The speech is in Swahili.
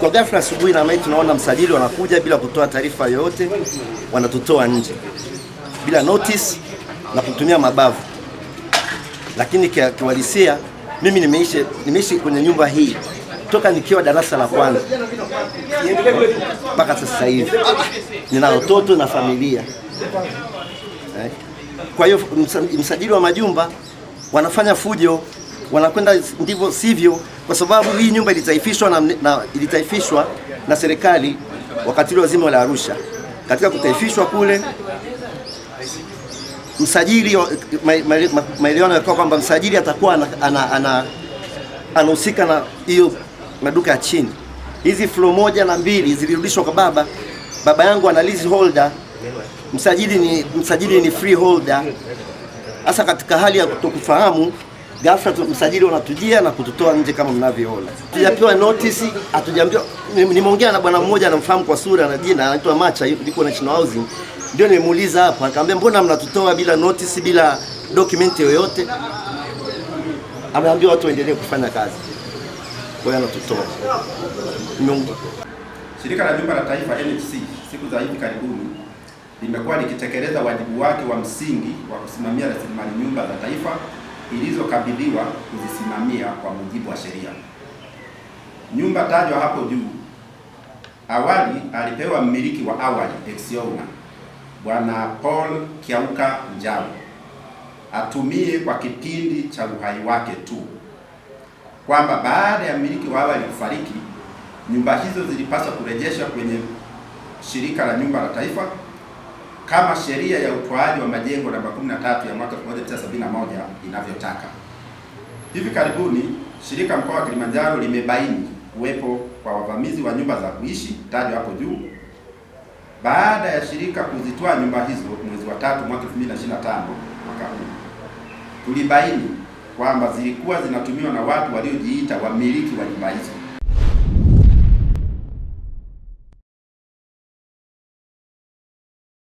kwa ghafla asubuhi na maiti tunaona msajili wanakuja bila kutoa taarifa yoyote, wanatutoa nje bila notice na kutumia mabavu. Lakini kiwalisia, mimi nimeishi nimeishi kwenye nyumba hii toka nikiwa darasa la kwanza mpaka sasa hivi, nina watoto na familia. Eh, kwa hiyo msajili wa majumba wanafanya fujo wanakwenda ndivyo sivyo, kwa sababu hii nyumba ilitaifishwa na, na, ilitaifishwa na serikali wakati ule wa zima la Arusha. Katika kutaifishwa kule msajili maelewano yakawa kwamba msajili atakuwa anahusika na hiyo maduka ya chini. Hizi floor moja na mbili zilirudishwa kwa baba. Baba yangu ana lease holder, msajili ni, msajili ni free holder. Hasa katika hali ya kutokufahamu ghafla msajili wanatujia na kututoa nje kama mnavyoona. Tujapewa notice, hatujaambiwa. Nimeongea na bwana mmoja anamfahamu kwa sura na jina, anaitwa Macha, yuko National Housing, ndio nimemuuliza hapa, akaambia mbona mnatutoa bila notice, bila document yoyote? Ameambiwa watu waendelee kufanya kazi, kwa hiyo anatutoa. Shirika la Nyumba la Taifa NHC siku za hivi karibuni limekuwa likitekeleza wajibu wake wa msingi wa kusimamia rasilimali nyumba za taifa ilizokabidhiwa kuzisimamia kwa mujibu wa sheria. Nyumba tajwa hapo juu awali alipewa mmiliki wa awali ex owner Bwana Paul Kiauka Njau atumie kwa kipindi cha uhai wake tu, kwamba baada ya mmiliki wa awali kufariki nyumba hizo zilipaswa kurejeshwa kwenye shirika la nyumba la taifa kama sheria ya utoaji wa majengo namba 13 ya mwaka 1971 inavyotaka. Hivi karibuni shirika mkoa wa Kilimanjaro limebaini kuwepo kwa wavamizi wa nyumba za kuishi tajwa hapo juu baada ya shirika kuzitoa nyumba hizo mwezi wa tatu mwaka 2025 mwaka huu. Tulibaini kwamba zilikuwa zinatumiwa na watu waliojiita wamiliki wa nyumba hizo